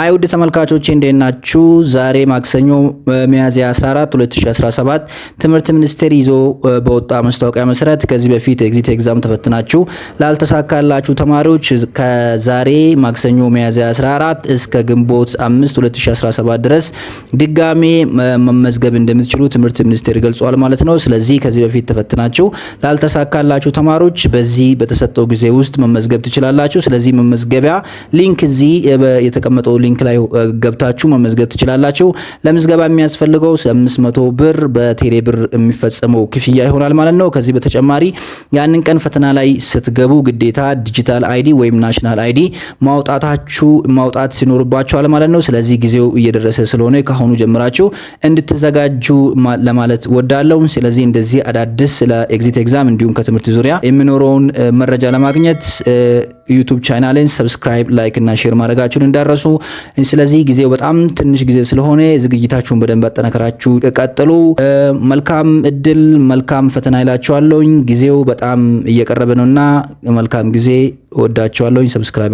አይውድ ውድ ተመልካቾቼ እንዴት ናችሁ? ዛሬ ማክሰኞ ሚያዝያ 14 2017 ትምህርት ሚኒስቴር ይዞ በወጣ ማስታወቂያ መሰረት ከዚህ በፊት ኤግዚት ኤግዛም ተፈትናችሁ ላልተሳካላችሁ ተማሪዎች ከዛሬ ማክሰኞ ሚያዝያ 14 እስከ ግንቦት 5 2017 ድረስ ድጋሜ መመዝገብ እንደምትችሉ ትምህርት ሚኒስቴር ገልጿል ማለት ነው። ስለዚህ ከዚህ በፊት ተፈትናችሁ ላልተሳካላችሁ ተማሪዎች በዚህ በተሰጠው ጊዜ ውስጥ መመዝገብ ትችላላችሁ። ስለዚህ መመዝገቢያ ሊንክ እዚህ የተቀመጠው ሊንክ ላይ ገብታችሁ መመዝገብ ትችላላችሁ። ለምዝገባ የሚያስፈልገው 500 ብር በቴሌ ብር የሚፈጸመው ክፍያ ይሆናል ማለት ነው። ከዚህ በተጨማሪ ያንን ቀን ፈተና ላይ ስትገቡ ግዴታ ዲጂታል አይዲ ወይም ናሽናል አይዲ ማውጣታችሁ ማውጣት ሲኖርባችኋል ማለት ነው። ስለዚህ ጊዜው እየደረሰ ስለሆነ ከአሁኑ ጀምራችሁ እንድትዘጋጁ ለማለት ወዳለው። ስለዚህ እንደዚህ አዳዲስ ስለ ኤግዚት ኤግዛም እንዲሁም ከትምህርት ዙሪያ የሚኖረውን መረጃ ለማግኘት ዩቱብ ቻናልን ሰብስክራይብ፣ ላይክ እና ሼር ማድረጋችሁን እንዳረሱ። ስለዚህ ጊዜው በጣም ትንሽ ጊዜ ስለሆነ ዝግጅታችሁን በደንብ አጠናከራችሁ ቀጥሉ። መልካም እድል፣ መልካም ፈተና ይላችኋለሁኝ። ጊዜው በጣም እየቀረበ ነውና መልካም ጊዜ። ወዳችኋለሁኝ። ሰብስክራይብ